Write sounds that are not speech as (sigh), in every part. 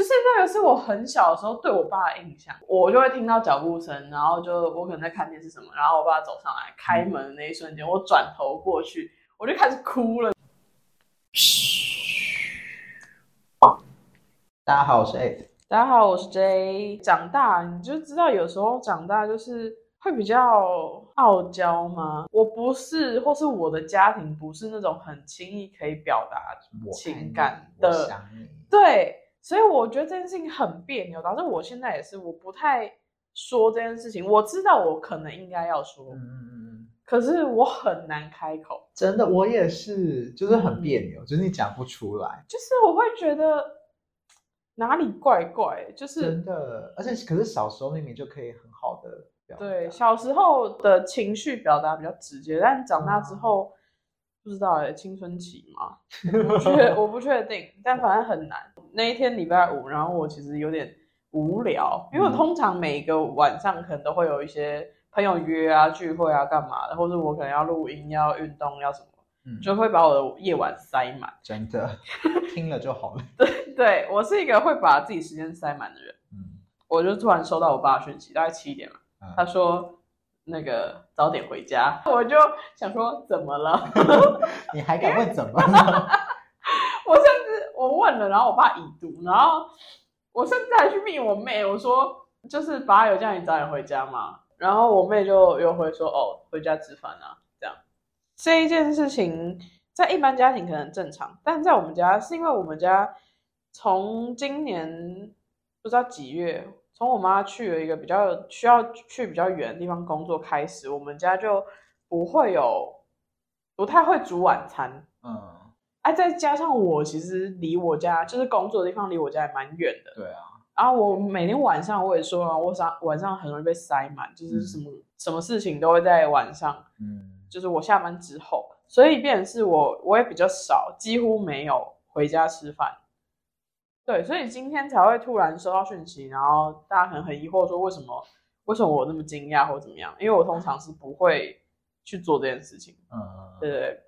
就是那個是我很小的時候對我爸的印象，我就會聽到腳步聲，然後就我可能在看電視什麼，然後我爸走上來開門的那一瞬間，嗯，我轉頭過去，我就開始哭了。噓，大家好，我是 A，大家好，我是 J。長大你就知道，有時候長大就是會比較傲嬌嗎？我不是，或是我的家庭不是那種很輕易可以表達情感的，對。所以我覺得這件事情很別扭，導致我現在也是，我不太說這件事情。我知道我可能應該要說、嗯，可是我很難開口。真的，我也是，就是很別扭，嗯、就是你講不出來，就是我會覺得哪裡怪怪，就是真的。而且可是小時候明明就可以很好的表達，對，小時候的情緒表達比較直接，但長大之後。嗯不知道誒，青春期嗎？我不確，我不確定，但反正很難。那一天禮拜五，然後我其實有點無聊，因為我通常每個晚上可能都會有一些朋友約啊聚會啊幹嘛的，或者我可能要錄音、要運動、要什麼，嗯，就會把我的夜晚塞滿。真的，聽了就好了。 (laughs) 對，對我是一個會把自己時間塞滿的人，嗯。我就突然收到我爸的訊息，大概七點了，他說。嗯那個早點回家，我就想說怎麼了？ (laughs) 你還敢問怎麼了？ (laughs) 我甚至我問了，然後我爸已讀，然後我甚至還去命我妹，我說就是爸有叫你早點回家嘛。然後我妹就又會說哦，回家吃飯啊，這樣這一件事情在一般家庭可能正常，但在我們家是因為我們家從今年不知道幾月。從我媽去了一個比較需要去比較遠的地方工作開始，我們家就不會有不太會煮晚餐。嗯，哎、啊，再加上我其實離我家就是工作的地方離我家還蠻遠的。對啊。然、啊、後我每天晚上我也說了、啊，我上晚上很容易被塞滿，就是什麼、嗯、什麼事情都會在晚上。嗯。就是我下班之後，所以變成是我我也比較少，幾乎沒有回家吃飯。對，所以今天才會突然收到訊息，然後大家可能很疑惑，說為什麼？為什麼我那麼驚訝或者怎麼樣？因為我通常是不會去做這件事情，嗯嗯，對不對。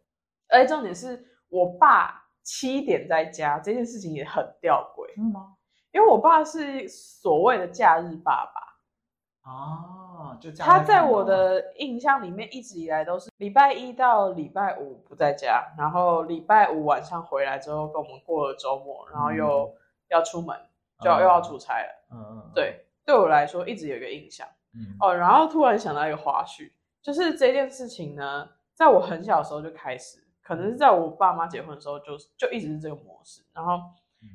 哎，重點是我爸七點在家，這件事情也很吊詭、嗯。因為我爸是所謂的假日爸爸，哦、啊，就這樣他在我的印象裡面一直以來都是禮拜一到禮拜五不在家，然後禮拜五晚上回來之後跟我們過了周末，嗯、然後又。要出門，就要、啊、又要出差了。嗯、啊、嗯，對、啊，對我來說一直有一個印象。嗯哦，然後突然想到一個花絮，就是這件事情呢，在我很小的時候就開始，可能是在我爸媽結婚的時候就，就就一直是這個模式。然後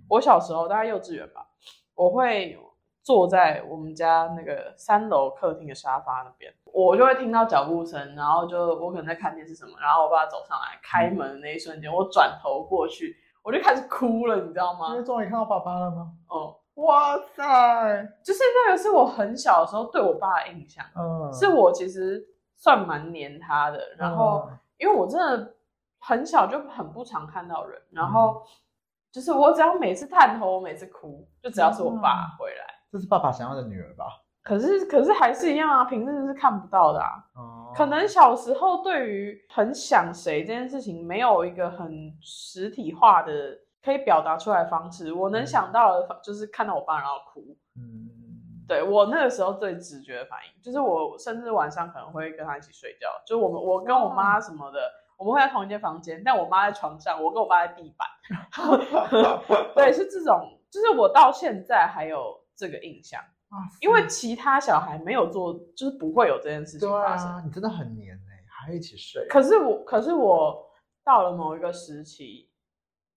我小時候大概幼稚園吧，我會坐在我們家那個三樓客廳的沙發那邊，我就會聽到腳步聲，然後就我可能在看電視什麼，然後我爸走上來開門的那一瞬間、嗯，我轉頭過去。我就開始哭了，你知道嗎？因為終於看到爸爸了嗎？哦、嗯，哇塞！就是那個，是我很小的時候對我爸的印象的。嗯，是我其實算蠻黏他的。然後，因為我真的很小就很不常看到人。嗯、然後，就是我只要每次探頭，我每次哭，就只要是我爸回來、嗯。這是爸爸想要的女兒吧？可是，可是還是一樣啊，平日是看不到的啊。嗯。可能小時候對於很想誰這件事情，沒有一個很實體化的可以表達出來的方式。我能想到的就是看到我爸然後哭，嗯，對，我那個時候最直覺的反應就是我甚至晚上可能會跟他一起睡覺，就我們我跟我媽什麼的，oh. 我們會在同一間房間，但我媽在床上，我跟我爸在地板。 (laughs) 對，是這種，就是我到現在還有這個印象。啊，因為其他小孩沒有做，就是不會有這件事情發生。對啊，你真的很黏哎、欸，還一起睡。可是我，可是我到了某一個時期，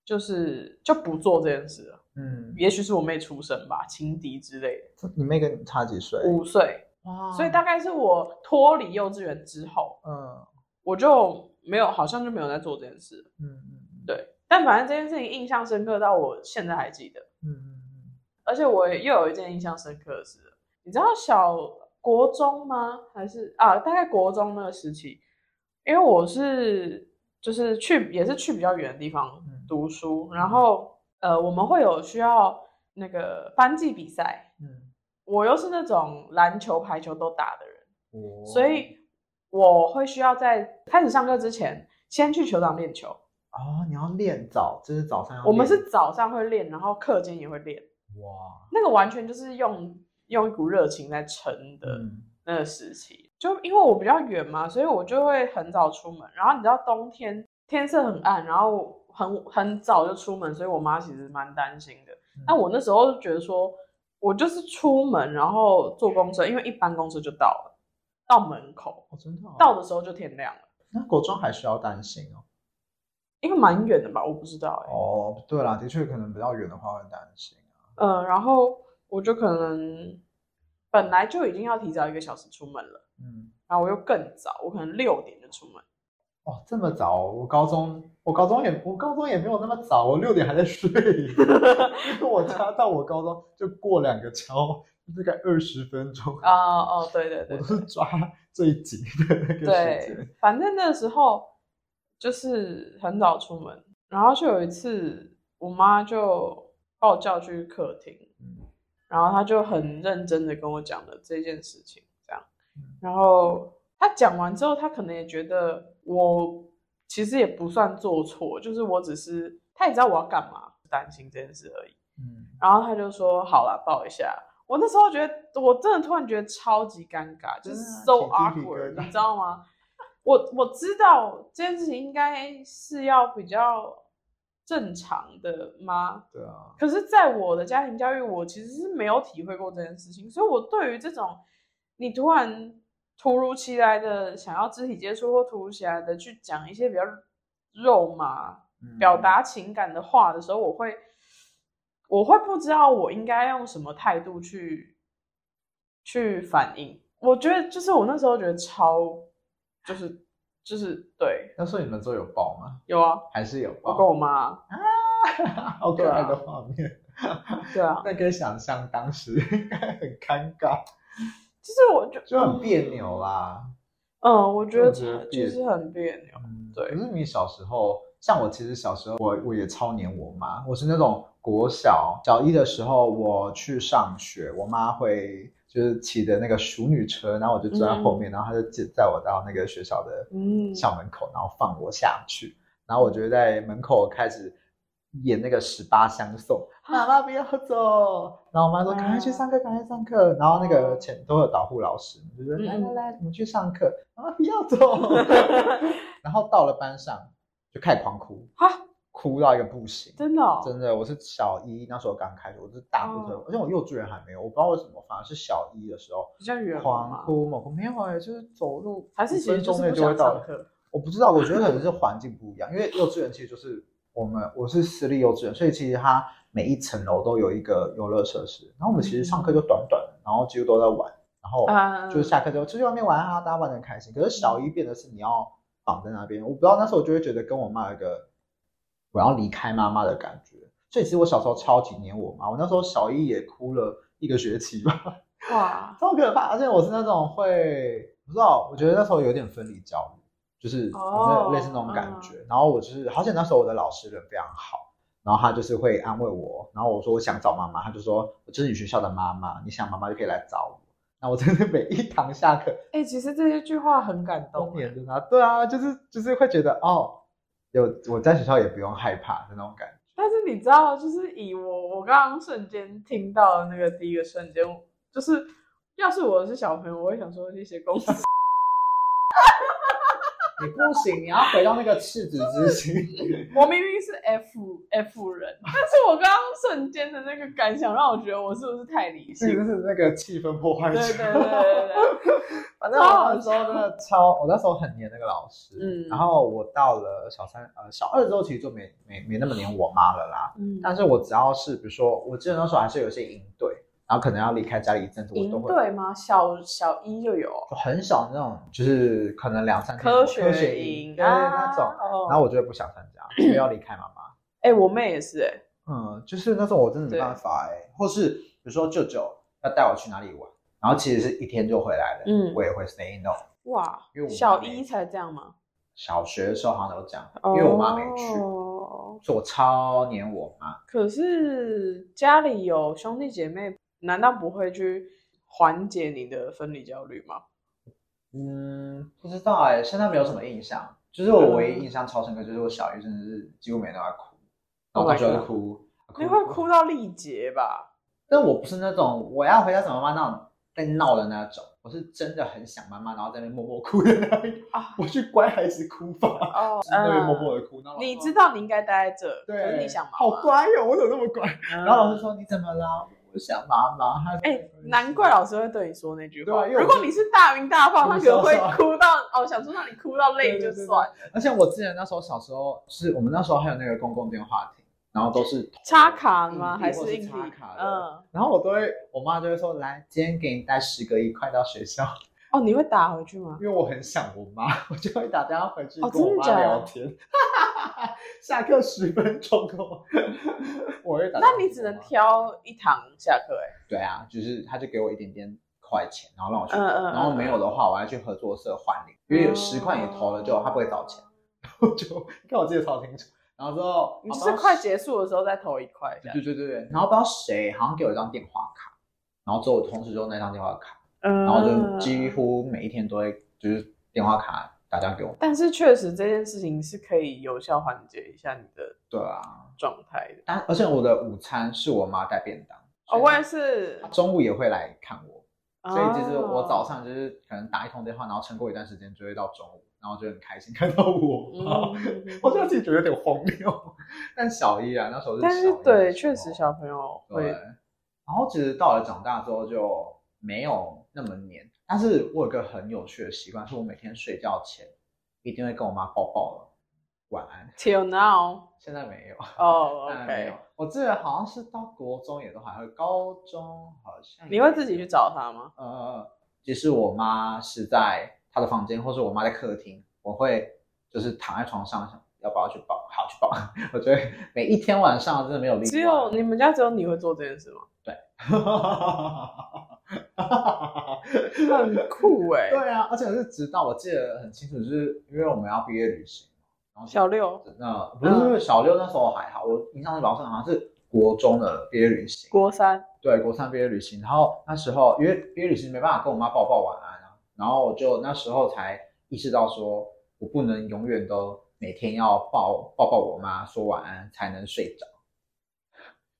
就是就不做這件事了。嗯，也許是我妹出生吧，情敵之類的。你妹跟你差幾歲？五歲。哇。所以大概是我脫離幼稚園之後，嗯，我就沒有，好像就沒有在做這件事了。嗯嗯，對。但反正這件事情印象深刻到我現在還記得。嗯嗯。而且我又有一件印象深刻的事，你知道小國中嗎？還是啊，大概國中那個時期，因為我是就是去也是去比較遠的地方讀書，嗯、然後呃，我們會有需要那個班際比賽，嗯，我又是那種籃球排球都打的人、哦，所以我會需要在開始上課之前先去球場練球。哦，你要練早，就是早上要？我們是早上會練，然後課間也會練。哇，那個完全就是用用一股熱情在撐的，那個時期、嗯、就因為我比較遠嘛，所以我就會很早出門。然後你知道冬天天色很暗，然後很很早就出門，所以我媽其實蠻擔心的。那、嗯、我那時候就覺得說，我就是出門，然後坐公車，因為一般公車就到了，到門口哦，真的、哦、到的時候就天亮了。那國中還需要擔心哦？因為蠻遠的吧？我不知道哎、欸。哦，對啦，的確可能比較遠的話會擔心。嗯，然後我就可能本來就已經要提早一個小時出門了，嗯，然後我又更早，我可能六點就出門。哦，這麼早？我高中，我高中也，我高中也沒有那麼早，我六點還在睡。因 (laughs) (laughs) 我家到我高中就過兩個橋，就是，大概二十分鐘。啊哦，哦，對對對，對，我都是抓最緊的那個時間。對，反正那時候就是很早出門，然後就有一次，我媽就。把我叫去客廳、嗯，然後他就很認真的跟我講了這件事情，這樣、嗯，然後他講完之後，他可能也覺得我其實也不算做錯，就是我只是，他也知道我要幹嘛，擔心這件事而已，嗯、然後他就說好啦，抱一下。我那時候覺得我真的突然覺得超級尷尬，嗯、就是 so awkward，你知道嗎？ (laughs) 我我知道這件事情應該是要比較，正常的嗎？對啊。可是，在我的家庭教育，我其實是沒有體會過這件事情，所以我對於這種你突然突如其來的想要肢體接觸，或突如其來的去講一些比較肉麻、嗯、表達情感的話的時候，我會，我會不知道我應該用什麼態度去，去反應。我覺得，就是我那時候覺得超，就是。就是對，那時候你們都有抱嗎？有啊，還是有抱？不夠嗎啊，好可愛的畫面，對啊。對啊 (laughs) 對啊 (laughs) 那可以想象當時應該很尷尬，其實我就就很彆扭啦。嗯，我覺得這其實很彆扭，嗯。對。因為你小時候，像我，其實小時候我我也超黏我媽。我是那種國小小一的時候我去上學，我媽會。就是騎的那個淑女車，然後我就坐在後面，嗯、然後他就載載我到那個學校的校門口，嗯，然後放我下去，然後我就在門口開始演那個十八相送，媽、啊、媽不要走，啊、然後我媽說趕快去上課，趕快上課，然後那個前都有導護老師，嗯，就說來來來，我們去上課，媽媽不要走， (laughs) (laughs) 然後到了班上就開始狂哭哭到一個不行，真的、哦，真的，我是小一那時候剛開始，我是大步走、哦，而且我幼稚園還沒有，我不知道為什麼，反而是小一的時候，比較遠啊、狂哭嘛，我沒有、欸，就是走路還是幾分鐘內是就，是上就會到課，我不知道，我覺得可能是環境不一樣，啊、因為幼稚園其實就是我們，我是私立幼稚園，所以其實它每一層樓都有一個遊樂設施，然後我們其實上課就短短，嗯、然後幾乎都在玩，然後就是下課之後出去外面玩，大家玩的很開心。可是小一變的是你要綁在那邊，我不知道那時候我就會覺得跟我媽一個。我要離開媽媽的感覺，所以其實我小時候超級黏我媽。我那時候小一也哭了一個學期吧，哇，超可怕！而且我是那種會，我不知道，我覺得那時候有點分離焦慮，就是有那類似那種感覺，哦。然後我就是，好像那時候我的老師人非常好，然後他就是會安慰我。然後我說我想找媽媽，他就說我這是你學校的媽媽，你想媽媽就可以來找我。那我真的每一堂下課，哎，其實這些句話很感動，的呢。對啊，就是就是會覺得哦。就我在學校也不用害怕的那種感覺，但是你知道，就是以我我剛剛瞬間聽到的那個第一個瞬間，就是要是我是小朋友，我會想說那些公司。 (laughs) 你不行，你要回到那個赤子之心。我明明是 F (laughs) F 人，但是我剛剛瞬間的那個感想讓我覺得我是不是太理性？是不是那個氣氛破壞者？對對對對對。 (laughs) 反正我那時候真的超，我那時候很黏那個老師。嗯。然後我到了小三呃小二之後，其實就沒沒沒那麼黏我媽了啦。嗯。但是我只要是比如說，我記得那時候還是有些應對。然後可能要離開家裡一陣子，我都會。對嘛。嗎？小小一就有，就很少那種，就是可能兩三天。科學營，科學營啊，那種、哦。然後我就會不想參加，我 (coughs) 就要離開媽媽。哎，我妹也是哎。嗯，就是那種我真的沒辦法哎，或是比如說舅舅要帶我去哪裡玩，然後其實是一天就回來了，嗯，我也會 say no 哇，因為我，小一才這樣嗎？小學的時候好像都這樣、哦，因為我媽沒去，所以我超黏我媽。可是家裡有兄弟姐妹。難道不會去緩解你的分離焦慮嗎？嗯，不知道哎、欸，現在沒有什麼印象。就是我唯一印象超深刻，就是我小一真的是幾乎每天都在哭，然後他就會哭、oh、哭、哭、哭，你會哭到力竭吧？但我不是那種我要回家找媽媽那種在鬧的那種，我是真的很想媽媽，然後在那默默哭的那、啊，我去乖孩子哭吧，啊、那邊默默的哭媽媽。你知道你應該待在這，對，是你想媽媽。好乖哦，我怎麼那麼乖？啊、然後老師說你怎麼了？我想媽媽，哎、欸，難怪老師會對你說那句話。對，如果你是大鳴大放，他可能會哭到說說哦，想說讓你哭到累就算。而且我之前那時候小時候，是我們那時候還有那個公共電話亭，然後都是插卡嗎？還是硬插卡嗯。嗯。然後我都會，我媽就會說：“來，今天給你帶十個一塊到學校。”哦，你會打回去嗎？因為我很想我媽，我就會打電話回去跟我媽聊天。哦、真的假的 (laughs) 下課十分鐘，我我會打我。那你只能挑一堂下課哎、欸。對啊，就是他就給我一點點塊錢，然後讓我去、嗯嗯嗯，然後沒有的話，我要去合作社換零、嗯、因為有十塊你投了就他不會倒錢、哦 (laughs) 我，然後就跟我介紹清楚，然後之後你是快結束的時候再投一塊。對對對對，然後不知道誰好像給我一張電話卡，然後之後我同事就那張電話卡。嗯、然後就幾乎每一天都會就是電話卡打電話，給我，但是確實這件事情是可以有效緩解一下你的對啊狀態的。啊、但而且我的午餐是我媽帶便當，我也是中午也會來看我，所以其實我早上就是可能打一通電話，然後撐過一段時間就會到中午，然後就很開心看到我、嗯、我現在自己覺得有點荒謬。但小一啊那時候，是小時候，但是對，確實小朋友會。對，然後其實到了長大之後就沒有。那麼黏，但是我有一個很有趣的習慣，是我每天睡覺前一定會跟我媽抱抱了，晚安。Till now，現在沒有哦，OK，、oh, 沒有。Okay. 我記得好像是到國中也都還會，高中好像。你會自己去找他嗎？呃即使其實我媽是在他的房間，或是我媽在客廳，我會就是躺在床上想要不要去抱，好去抱。 (laughs) 我覺得每一天晚上真的沒有例外只有你們家只有你會做這件事嗎？對。 (laughs) (laughs) (laughs) 很酷哎、欸，對啊，而且是直到我記得很清楚，就是因為我們要畢業旅行嘛。小六那不是、嗯、小六那時候還好，我印象中老師好像是國中的畢業旅行。國三，對，國三畢業旅行，然後那時候因為畢業旅行沒辦法跟我媽抱抱晚安啊，然後我就那時候才意識到說我不能永遠都每天要抱抱抱我媽說晚安才能睡着，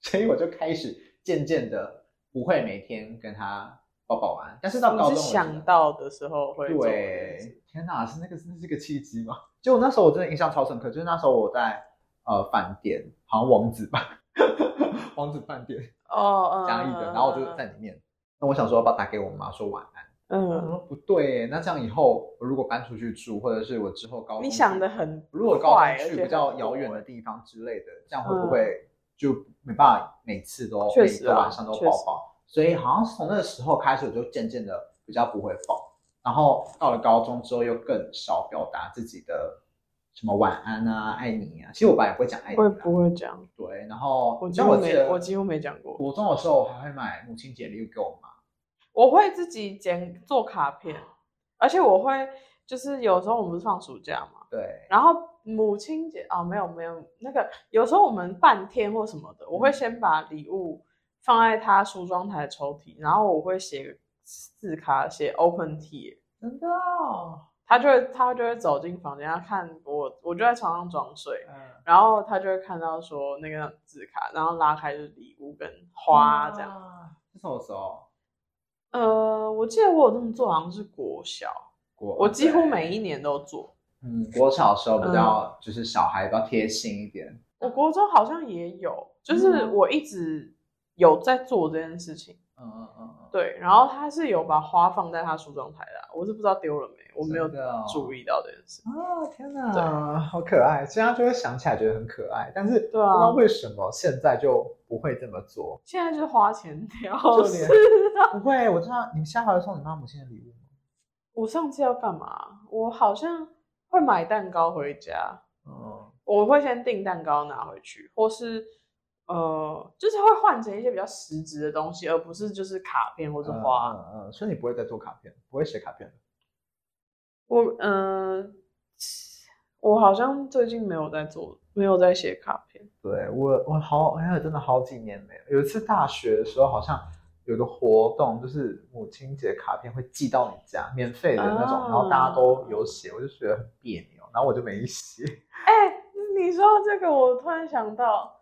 所以我就開始漸漸的。不會每天跟他抱抱玩，但是到高中我是，是想到的時候會。對，天哪，是那個，是那是個契機嗎？就、嗯、我那時候我真的印象超深刻，就是那時候我在呃飯店，好像王子吧， (laughs) 王子飯店哦，嘉義的，然後我就在裡面。那、uh, 我想說，把他打給我媽說晚安。嗯。我說不對，那這樣以後我如果搬出去住，或者是我之後高，你想的很，如果高中去比較遙遠的地方之類的，uh, 這樣會不會？就沒辦法，每次都、啊、每個晚上都抱抱，所以好像從那個時候開始，我就漸漸的比較不會抱。然後到了高中之後，又更少表達自己的什麼晚安啊、愛你啊。其實我本來也不會講愛你、啊，我也不會講。對，然後我，我幾乎沒講過。國中的時候，我還會買母親節禮物給我媽。我會自己剪做卡片，而且我會就是有時候我們不是放暑假嘛，對，然後。母親節啊、哦，沒有沒有那個，有時候我們半天或什麼的、嗯，我會先把禮物放在他梳妝台抽屜，然後我會寫字卡寫 open tea，真的哦，他就會他就會走進房間，他看我，我就在床上裝睡，嗯，然後他就會看到說那個字卡，然後拉開就是禮物跟花這樣，是、啊、這什麼時候？呃，我記得我有那麼做，好像是國小，國我幾乎每一年都做。嗯，我小時候比較、嗯、就是小孩比較貼心一點。我國中好像也有，就是我一直有在做這件事情。嗯嗯嗯。對，然後他是有把花放在他梳妝台的，我是不知道丟了沒，我沒有注意到這件事。啊、哦哦，天哪！對，好可愛，這樣就會想起來覺得很可愛，但是對啊，不知道為什麼現在就不會這麼做。啊、現在就是花錢掉，就是不會。我知道你下回要送你媽母親的禮物嗎？我上次要幹嘛？我好像。會買蛋糕回家，嗯，我會先訂蛋糕拿回去，或是，呃，就是會換成一些比較實質的東西，而不是就是卡片或是花。嗯嗯，嗯，所以你不會再做卡片，不會寫卡片。我嗯、呃，我好像最近沒有在做，沒有在寫卡片。對，我，我好、哎呃，真的好幾年沒有。有一次大學的時候，好像。有個活動，就是母親節卡片會寄到你家，免費的那種。然後大家都有寫，啊，我就覺得很別扭，然後我就沒寫。哎，欸，你說這個，我突然想到，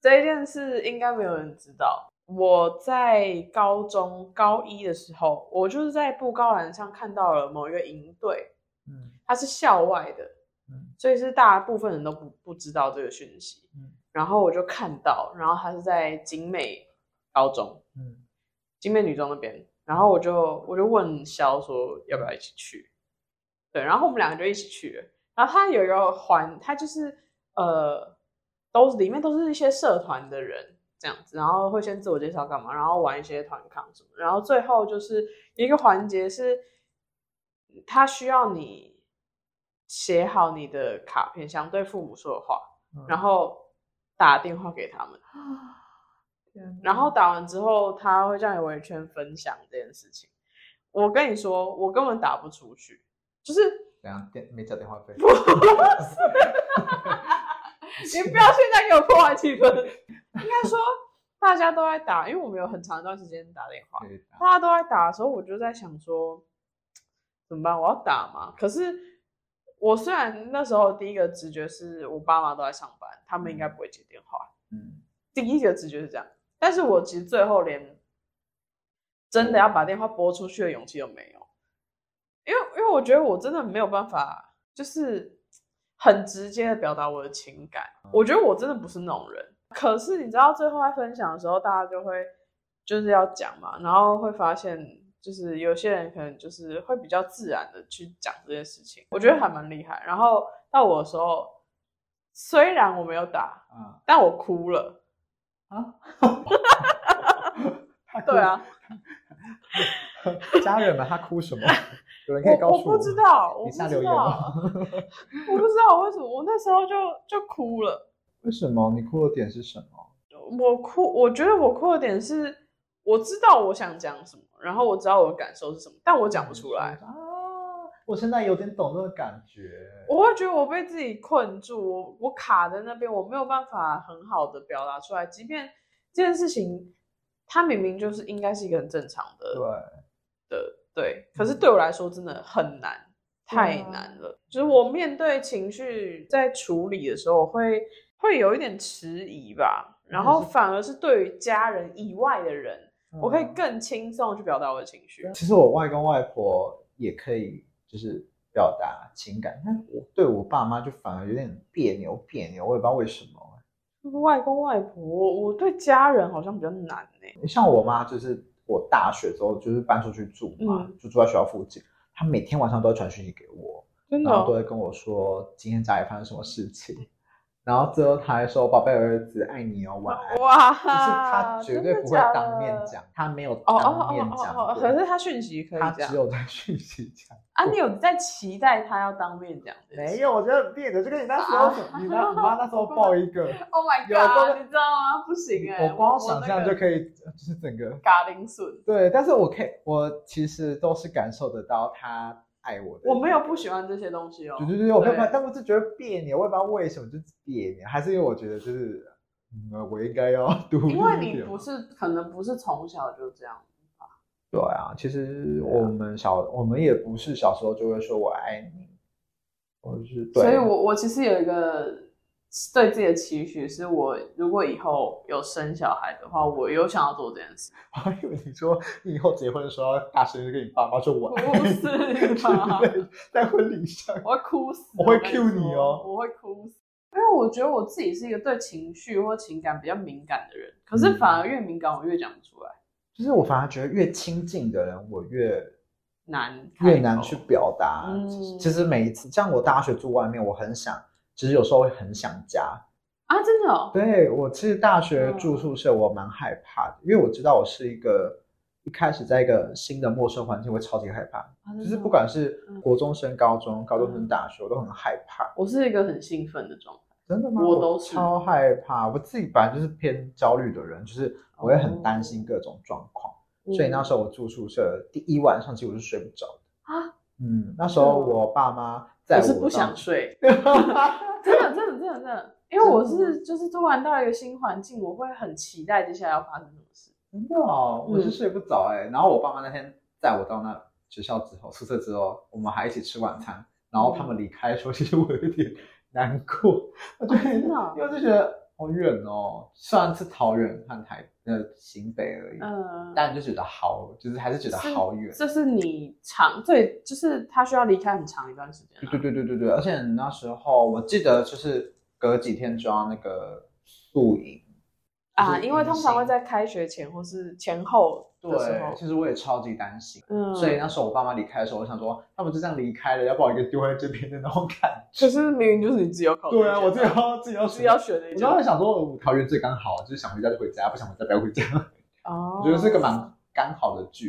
這件事應該沒有人知道。我在高中高一的時候，我就是在布告欄上看到了某一個營隊，嗯，他是校外的，嗯，所以是大部分人都不不知道這個訊息。嗯，然後我就看到，然後他是在景美高中，嗯。景美女中那邊，然後我就我就問肖說要不要一起去，對，然後我們兩個就一起去了。然後他有一個環，他就是呃，都裡面都是一些社團的人這樣子，然後會先自我介紹幹嘛，然後玩一些團康什麼，然後最後就是一個環節是，他需要你寫好你的卡片想對父母說的話，然後打電話給他們。嗯嗯、然後打完之後，他會這樣圍圈分享這件事情。我跟你說，我根本打不出去，就是兩樣，沒找電話費。不是， (laughs) 是，你不要現在給我破壞氣氛。 (laughs) 應該說，大家都在打，因為我們有很長一段時間打電話。大家都在打的時候，我就在想說，怎麼辦？我要打嗎？可是我雖然那時候第一個直覺是我爸媽都在上班，嗯、他們應該不會接電話。嗯，第一個直覺是這樣。但是我其實最後連真的要把電話撥出去的勇氣都沒有，因為因為我覺得我真的沒有辦法，就是很直接的表達我的情感。我覺得我真的不是那種人。可是你知道，最後在分享的時候，大家就會就是要講嘛，然後會發現就是有些人可能就是會比較自然的去講這些事情，我覺得還蠻厲害。然後到我的時候，雖然我沒有打，但我哭了。啊， (laughs) 他哭了笑對啊，家人們，他哭什麼？ (laughs) 有人可以告訴我？我，我不知道，我不知道。你下留言哦。不知道， (laughs) 不知道為什麼，我那時候就就哭了。為什麼？你哭的點是什麼？我哭，我覺得我哭的點是，我知道我想講什麼，然後我知道我的感受是什麼，但我講不出來。啊我現在有點懂那個感覺，我會覺得我被自己困住，我我卡在那邊，我沒有辦法很好的表達出來，即便這件事情，它明明就是應該是一個很正常的，對的對，可是對我來說真的很難。對啊，太難了。就是我面對情緒在處理的時候，我會會有一點遲疑吧，然後反而是對於家人以外的人，嗯、我可以更輕鬆去表達我的情緒。其實我外公外婆也可以。就是表達情感，但我對我爸媽就反而有點彆扭彆扭，我也不知道為什麼、欸。外公外婆，我對家人好像比較難哎、欸。你像我媽，就是我大學之後就是搬出去住嘛，嗯、就住在學校附近，她每天晚上都會傳訊息給我、哦，然後都會跟我說今天家裡發生什麼事情。然後最後他還說：“寶貝兒子，愛你哦，晚安。”哇，就是他絕對不會當面講，的的他沒有當面講 oh, oh, oh, oh, oh, oh, oh, oh.。可是他訊息可以講，他只有在訊息講，啊講。啊，你有在期待他要當面講？沒有，我覺得很彆扭就跟你那時候，啊、你那、啊，你媽那時候抱一個有。Oh my god，你知道嗎？不行哎、欸，我光想象就可以，那個、就是整個嘎鈴筍。對，但是我可以，我其實都是感受得到他。愛我，我沒有不喜歡這些東西哦。對對對，對對對對，我沒有，但我是覺得彆扭，我也不知道為什麼，就是彆扭，還是因為我覺得就是，嗯、我應該要。因為你不是，可能不是從小就這樣啊。對啊，其實我們小、啊，我們也不是小時候就會說“我愛你”，我、就是對、啊，所以我我其實有一個。對自己的期許是我，如果以後有生小孩的話，我有想要做這件事。我 (laughs) 還以為你說你以後結婚的時候，大聲的跟你爸媽說，我不是他，媽，在婚禮上，我會哭死，我會 cue 你哦，我會哭死。因為我覺得我自己是一個對情緒或情感比較敏感的人，嗯、可是反而越敏感，我越講不出來。就是我反而覺得越親近的人，我越難，越難去表達、嗯。其實。其實每一次，像我大學住外面，我很想。其實有時候會很想家啊，真的、哦。對我其實大學住宿舍，我蠻害怕的、嗯，因為我知道我是一個一開始在一個新的陌生環境會超級害怕、啊。其實不管是國中升高中、高中升、嗯、大學，我都很害怕。我是一個很興奮的狀態，真的嗎？我都我超害怕。我自己本來就是偏焦慮的人，就是我也很擔心各種狀況、哦，所以那時候我住宿舍、嗯、第一晚上其實我是睡不着啊。嗯，那時候我爸媽在、啊、我是不想睡。 (laughs) (laughs) 真的，真的，真的，真的，因為我是就是突然到一個新環境，我會很期待接下來要發生什麼事。真的哦，我是睡不着哎，欸。然後我爸媽那天載我到那學校之後、宿舍之後，我們還一起吃晚餐。然後他們離開的時候，其實我有點難過。嗯 (laughs) 我覺得哦、真的好，因 (laughs) 為好遠哦，雖然是桃園和台呃新、嗯、北而已，嗯，但就覺得好，就是還是覺得好遠。就是你長，對，就是他需要離開很長一段時間、啊。對對對對對，而且那時候我記得就是隔幾天裝那個宿營。啊、就是，因為通常會在開學前或是前後。對，其實我也超級擔心，嗯，所以那時候我爸媽離開的時候，我想說他們就這樣離開了，要把我一個丟在這邊的那種感覺。可是明明就是你自己要考。對啊，我自己要自己要選的一。你就會想說桃園最剛好就是想回家就回家，不想回家不要回家。哦。我覺得是個蠻剛好的距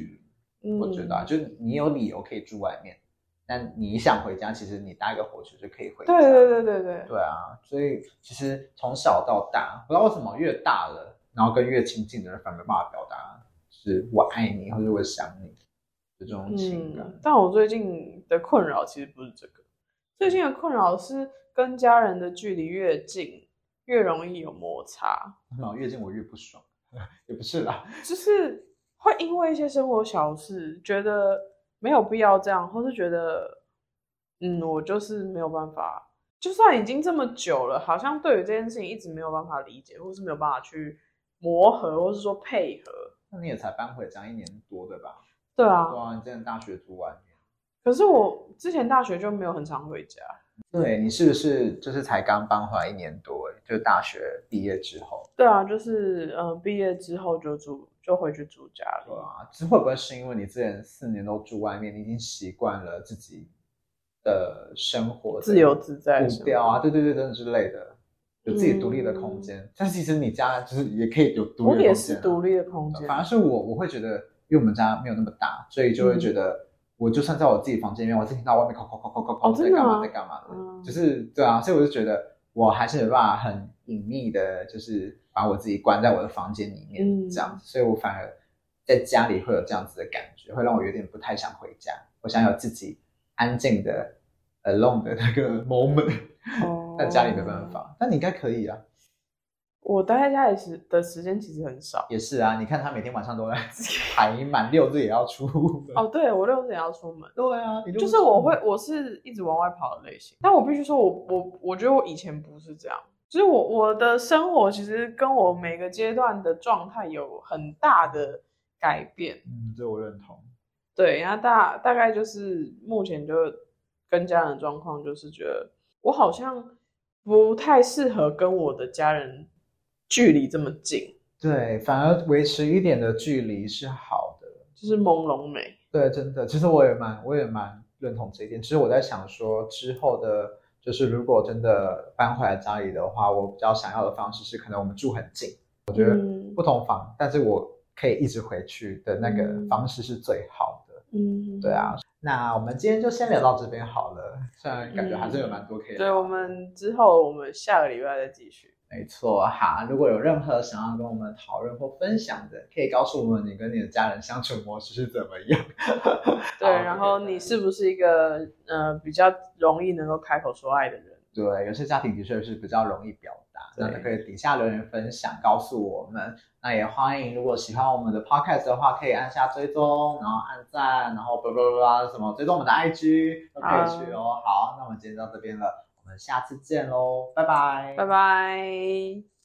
離、嗯，我覺得啊，就你有理由可以住外面。但你想回家，其實你搭一個火車就可以回家。對對對對對對啊！所以其實從小到大，不知道為什麼越大了，然後跟越親近的人反而沒辦法表達，是我愛你或者我想你這種情感、嗯。但我最近的困擾其實不是這個，最近的困擾是跟家人的距離越近越容易有摩擦、嗯。越近我越不爽， (laughs) 也不是啦，就是會因為一些生活小事覺得。沒有必要這樣，或是覺得，嗯，我就是沒有辦法。就算已經這麼久了，好像對於這件事情一直沒有辦法理解，或是沒有辦法去磨合，或是說配合。那你也才搬回家一年多，對吧？對啊，對啊，你現在大學讀完。可是我之前大學就沒有很常回家。對，你是不是就是才剛搬回來一年多？就是大學畢業之後。對啊，就是嗯、呃，畢業之後就住就回去住家了對，啊。這會不會是因為你之前四年都住外面，你已經習慣了自己的生活，自由自在的步調啊？對對對，等等之類的，有自己獨立的空間、嗯。但其實你家就是也可以有獨立的空間、啊。我也是獨立的空間。反而是我，我會覺得，因為我們家沒有那麼大，所以就會覺得。嗯我就算在我自己房間裡面，我自己聽到外面哐哐哐哐哐哐，在幹嘛在幹嘛，就是對啊，所以我就覺得我還是沒辦法很隱秘的，就是把我自己關在我的房間裡面、嗯、這樣子，所以我反而在家裡會有這樣子的感覺，會讓我有點不太想回家。我想有自己安靜的 alone 的那個 moment，、oh. 但家裡沒辦法。但你應該可以啊。我待在家裡時的時間其實很少，也是啊。你看他每天晚上都在，排 (laughs) 滿六日也要出門哦。對，我六日也要出門。對啊，就是我會，我是一直往外跑的類型。但我必須說我，我我我覺得我以前不是這樣，就是我我的生活其實跟我每個階段的狀態有很大的改變。嗯，這我認同。對，然後大大概就是目前就跟家人的狀況，就是覺得我好像不太適合跟我的家人。距離這麼近，對，反而維持一點的距離是好的，就是朦朧美。對，真的，其實我也蠻，我也蠻認同這一點。其實我在想說，之後的，就是如果真的搬回來家裡的話，我比較想要的方式是，可能我們住很近，我覺得不同房、嗯，但是我可以一直回去的那個方式是最好的。嗯，對啊。那我們今天就先聊到這邊好了，雖然感覺還是有蠻多可以聊、嗯。對，我們之後我們下個禮拜再繼續。沒錯哈，如果有任何想要跟我們討論或分享的，可以告訴我們你跟你的家人相處模式是怎麼樣。 (laughs) 對， (laughs) okay, 然後你是不是一個嗯、呃、比較容易能夠開口說愛的人？對，有些家庭的確是比較容易表達，對，那也可以底下留言分享告訴我們。那也歡迎，如果喜歡我們的 podcast 的話，可以按下追蹤，然後按贊，然後 blah blah blah，什麼，追蹤我們的 IG 都可以去哦、啊。好，那我們今天到這邊了。我們下次見嘍，拜拜，拜拜。